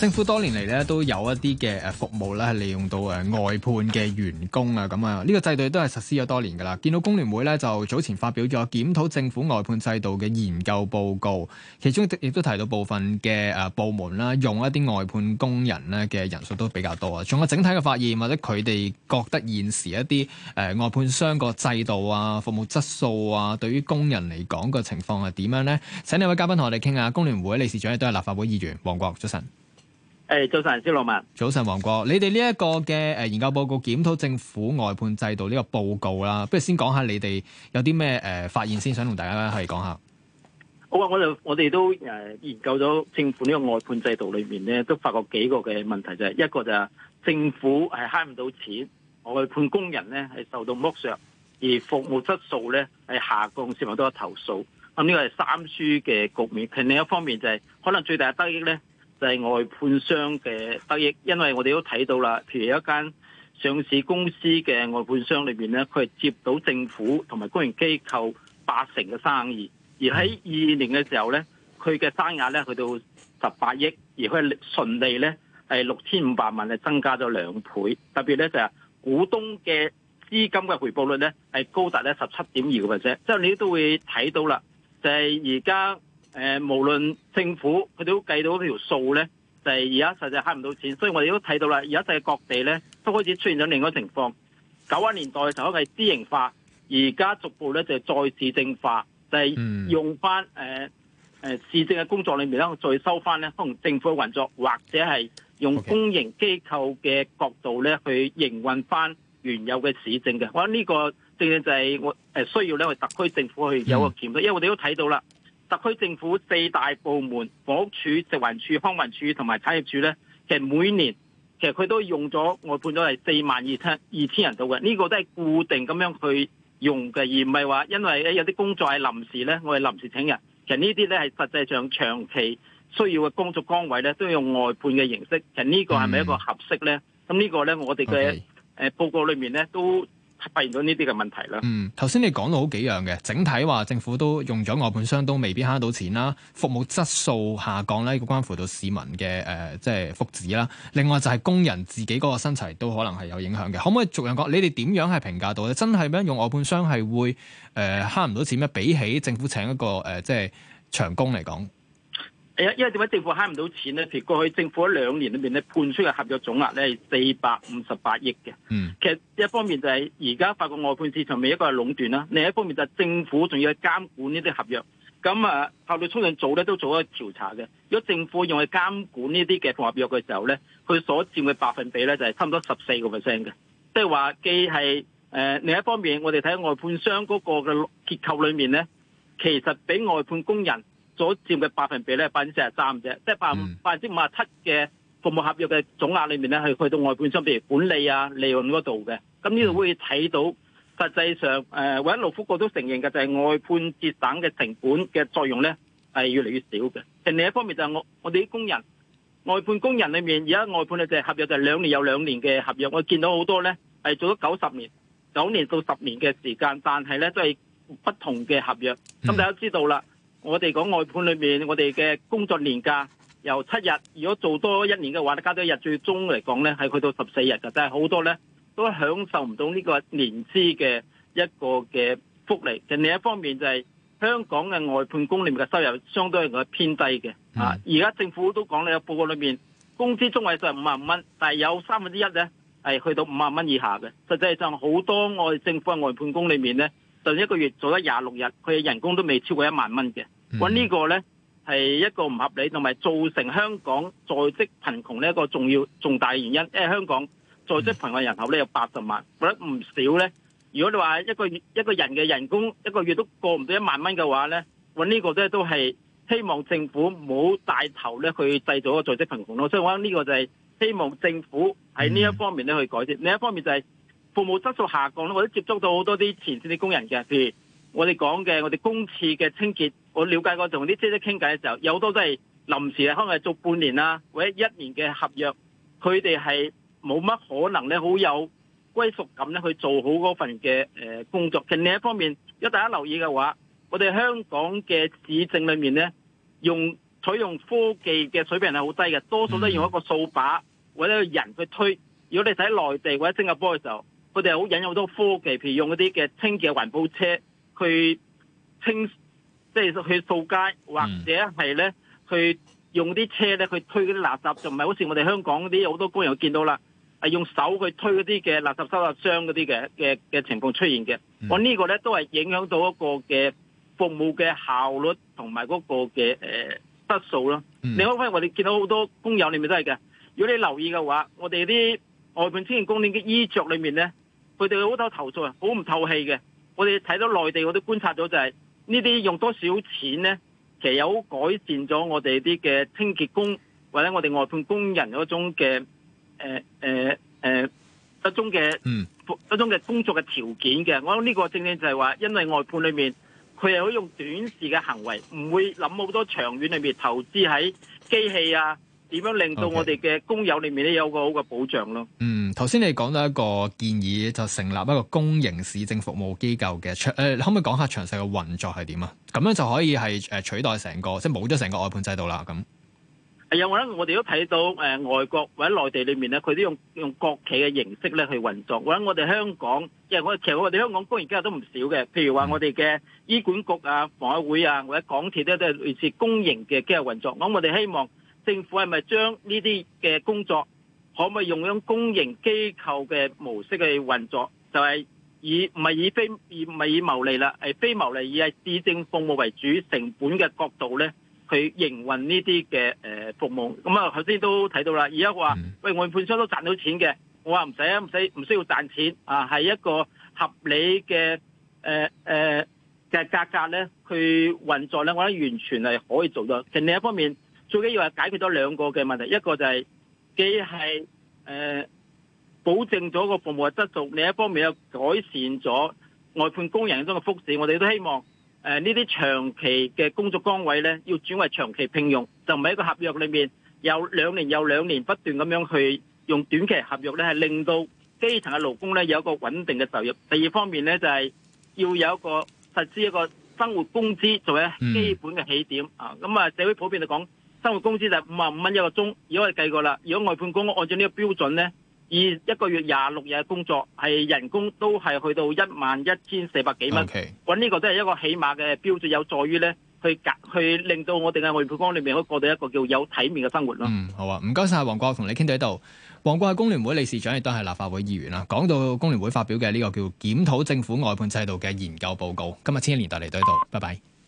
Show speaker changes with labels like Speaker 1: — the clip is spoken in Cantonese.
Speaker 1: 政府多年嚟咧都有一啲嘅誒服務咧，係利用到誒外判嘅員工啊。咁啊，呢個制度都係實施咗多年噶啦。見到工聯會咧就早前發表咗檢討政府外判制度嘅研究報告，其中亦都提到部分嘅誒部門啦，用一啲外判工人咧嘅人數都比較多啊。仲有整體嘅發現，或者佢哋覺得現時一啲誒外判商個制度啊、服務質素啊，對於工人嚟講個情況係點樣呢？請兩位嘉賓同我哋傾下。工聯會理事長亦都係立法會議員黃國，早晨。
Speaker 2: 誒，早晨，蕭樂文。
Speaker 1: 早晨，黃國，你哋呢一個嘅誒研究報告檢討政府外判制度呢個報告啦，不如先講下你哋有啲咩誒發現先，想同大家去講下。
Speaker 2: 好啊，我哋我哋都誒研究咗政府呢個外判制度裏面咧，都發覺幾個嘅問題就係、是，一個就係政府係慳唔到錢，外判工人咧係受到剝削，而服務質素咧係下降，市民都有投訴。咁呢個係三輸嘅局面。其另一方面就係、是，可能最大嘅得益咧。就係、是、外判商嘅得益，因為我哋都睇到啦，譬如一間上市公司嘅外判商裏邊咧，佢係接到政府同埋公營機構八成嘅生意，而喺二年嘅時候咧，佢嘅生意額咧去到十八億，而佢嘅純利咧係六千五百萬，係增加咗兩倍，特別咧就係股東嘅資金嘅回報率咧係高達咧十七點二 percent，即係你都會睇到啦，就係而家。誒、呃，無論政府佢哋都計到條數咧，就係而家實際慳唔到錢，所以我哋都睇到啦。而家世界各地咧都開始出現咗另外一個情況。九十年代就係私營化，而家逐步咧就係、是、再市政化，就係、是、用翻誒誒市政嘅工作裏面咧再收翻咧可能政府嘅運作，或者係用公營機構嘅角度咧去營運翻原有嘅市政嘅。我諗呢個正正就係我誒需要咧，我特區政府去有個檢討，因為我哋都睇到啦。特區政府四大部門，房屋署、食環署、康文署同埋產業署咧，其實每年其實佢都用咗外判咗係四萬二千二千人到嘅，呢個都係固定咁樣去用嘅，而唔係話因為有啲工作係臨時咧，我哋臨時請人。其實呢啲咧係實際上長期需要嘅工作崗位咧，都要用外判嘅形式。其實呢個係咪一個合適咧？咁、嗯、呢個咧，我哋嘅誒報告裏面咧、okay. 都。發現到呢啲嘅
Speaker 1: 問題啦。嗯，頭先你講到好幾樣嘅，整體話政府都用咗外判商都未必慳到錢啦，服務質素下降咧，關乎到市民嘅誒，即、呃、係、即係、福祉啦。另外就係工人自己嗰個身材都可能係有影響嘅。可唔可以逐樣講？你哋點樣係評價到咧？真係咩用外判商係會誒慳唔到錢咩？比起政府請一個誒、呃、即係長工嚟講？
Speaker 2: 因為點解政府慳唔到錢咧？譬如過去政府喺兩年裏邊咧，判出嘅合約總額咧，係四百五十八億嘅。嗯，其實一方面就係而家發覺外判市場未一個係壟斷啦，另一方面就係政府仲要去監管呢啲合約。咁啊，效率促進組咧都做咗調查嘅。如果政府用去監管呢啲嘅合約嘅時候咧，佢所佔嘅百分比咧，就係差唔多十四個 percent 嘅。即係話既係誒、呃，另一方面我哋睇外判商嗰個嘅結構裏面咧，其實俾外判工人。所佔嘅百分比咧，百分之四十三啫，即係百百分之五十七嘅服務合約嘅總額裏面咧，係去到外判商，譬如管理啊、利潤嗰度嘅。咁呢度會睇到實際上，誒、呃，或者勞福局都承認嘅就係外判節省嘅成本嘅作用咧，係越嚟越少嘅。另一方面就係我我哋啲工人外判工人裏面，而家外判嘅就係合約就係、是、兩年有兩年嘅合約，我見到好多咧係做咗九十年、九年到十年嘅時間，但係咧都係不同嘅合約。咁大家知道啦。嗯我哋講外判裏面，我哋嘅工作年假由七日，如果做多一年嘅話咧，加多一日終，最終嚟講咧，係去到十四日㗎。但係好多咧都享受唔到呢個年資嘅一個嘅福利。另一方面就係、是、香港嘅外判工裏面嘅收入，相對係偏低嘅。啊，而家政府都講你個報告裏面工資中位數五萬蚊，但係有三分之一咧係去到五萬蚊以下嘅。實際上好多外政府嘅外判工裏面咧。就一個月做咗廿六日，佢嘅人工都未超過一萬蚊嘅。搵呢個咧係一個唔合理，同埋造成香港在職貧窮咧一個重要、重大嘅原因。因為香港在職貧困人口咧有八十萬，或者唔少咧。如果你話一個一個人嘅人工一個月都過唔到一萬蚊嘅話咧，搵呢個咧都係希望政府唔好帶頭咧去製造個在職貧窮咯。所以我諗呢個就係希望政府喺呢一方面咧去改善，另一方面就係。服務質素下降咧，我都接觸到好多啲前線啲工人嘅，譬如我哋講嘅，我哋公廁嘅清潔，我了解過，同啲姐姐傾偈嘅時候，有好多都係臨時啊，可能做半年啦，或者一年嘅合約，佢哋係冇乜可能咧，好有歸屬感咧去做好嗰份嘅誒工作。其實另一方面，如果大家留意嘅話，我哋香港嘅市政裏面咧，用採用科技嘅水平係好低嘅，多數都用一個掃把或者人去推。如果你喺內地或者新加坡嘅時候，佢哋好引用好多科技，譬如用嗰啲嘅清潔環保車去清，即係去掃街，或者係咧去用啲車咧去推嗰啲垃圾，就唔係好似我哋香港嗰啲好多工人見到啦，係用手去推嗰啲嘅垃圾收集箱嗰啲嘅嘅嘅情況出現嘅，嗯嗯。我呢個咧都係影響到一個嘅服務嘅效率同埋嗰個嘅誒質素咯。另外，可以我哋見到好多工友，你咪真係嘅。如果你留意嘅話，我哋啲外判清潔工嘅衣着裏面咧。佢哋好多投訴啊，好唔透氣嘅。我哋睇到內地我都觀察咗、就是，就係呢啲用多少錢咧，其實有改善咗我哋啲嘅清潔工或者我哋外判工人嗰種嘅誒誒誒一種嘅
Speaker 1: 嗯
Speaker 2: 一種嘅工作嘅條件嘅。我諗呢個正正就係話，因為外判裏面佢係可以用短時嘅行為，唔會諗好多長遠裏面投資喺機器啊。點樣令到我哋嘅工友裏面咧有個好嘅保障咯？嗯，
Speaker 1: 頭先你講到一個建議，就成立一個公營市政服務機構嘅長誒，可唔可以講下詳細嘅運作係點啊？咁樣就可以係誒取代成個即係冇咗成個外判制度啦。咁
Speaker 2: 係啊，我覺得我哋都睇到誒外國或者內地裏面咧，佢都用用國企嘅形式咧去運作。或者我哋香港即係我其實我哋香港公營機構都唔少嘅，譬如話我哋嘅醫管局啊、房委會啊或者港鐵咧，都係類似公營嘅機構運作。咁我哋希望。政府係咪將呢啲嘅工作可唔可以用咗公營機構嘅模式去運作？就係、是、以唔係以非唔係以牟利啦，係非牟利，以係市政服務為主成本嘅角度咧去營運呢啲嘅誒服務。咁啊，頭先都睇到啦，而家話喂，外判商都賺到錢嘅，我話唔使啊，唔使唔需要賺錢啊，係一個合理嘅誒誒嘅價格咧，去運作咧，我覺得完全係可以做到。其實另一方面。最緊要係解決咗兩個嘅問題，一個就係、是、既係誒、呃、保證咗個服務嘅質素，另一方面又改善咗外判工人嗰種嘅福祉。我哋都希望誒呢啲長期嘅工作崗位咧，要轉為長期聘用，就唔係一個合約裏面有兩年有兩年不斷咁樣去用短期合約咧，係令到基層嘅勞工咧有一個穩定嘅收入。第二方面咧就係、是、要有一個實施一個生活工資作為一個基本嘅起點啊！咁、嗯、啊，社會普遍嚟講。生活工資就五十五蚊一個鐘，如果我哋計過啦，如果外判工按照呢個標準呢，以一個月廿六日嘅工作係人工都係去到一萬一千四百幾蚊。揾、okay. 呢個都係一個起碼嘅標準，有助於呢去去令到我哋嘅外判工裏面可以過到一個叫有體面嘅生活咯、
Speaker 1: 嗯。好啊，唔該晒。黃國，同你傾到呢度。黃國係工聯會理事長，亦都係立法會議員啦。講到工聯會發表嘅呢個叫檢討政府外判制度嘅研究報告，今日千禧年代嚟到呢度，拜拜。